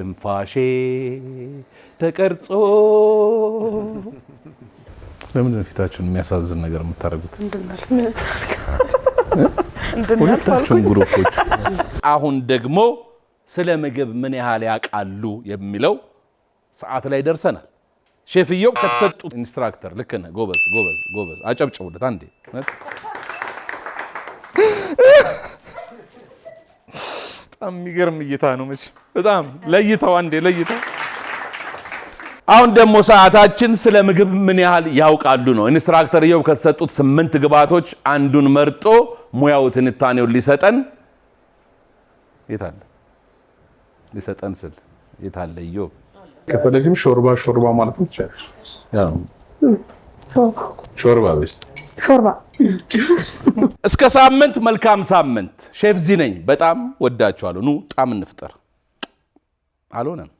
በትንፋሼ ተቀርጾ። ለምንድን ነው ፊታችሁን የሚያሳዝን ነገር የምታደርጉት? ሁለታችሁም ግሩፖች። አሁን ደግሞ ስለ ምግብ ምን ያህል ያውቃሉ የሚለው ሰዓት ላይ ደርሰናል። ሼፍየው ከተሰጡት ኢንስትራክተር ልክ ነህ። ጎበዝ ጎበዝ ጎበዝ። አጨብጭቡለት አንዴ በጣም የሚገርም እይታ ነው። መቼም በጣም ለይተው አንዴ ለይተው። አሁን ደግሞ ሰዓታችን ስለ ምግብ ምን ያህል ያውቃሉ ነው። ኢንስትራክተር እየው ከተሰጡት ስምንት ግብዓቶች አንዱን መርጦ ሙያው ትንታኔውን ሊሰጠን የታለ ሊሰጠን ስል የታለ እዮብ ከፈለግም ሾርባ ሾርባ ማለት ነው። ሾርባ ቤስት ሾርባ። እስከ ሳምንት፣ መልካም ሳምንት። ሼፍ ዚ ነኝ። በጣም ወዳችኋለሁ። ኑ ጣም እንፍጠር። አልሆነም።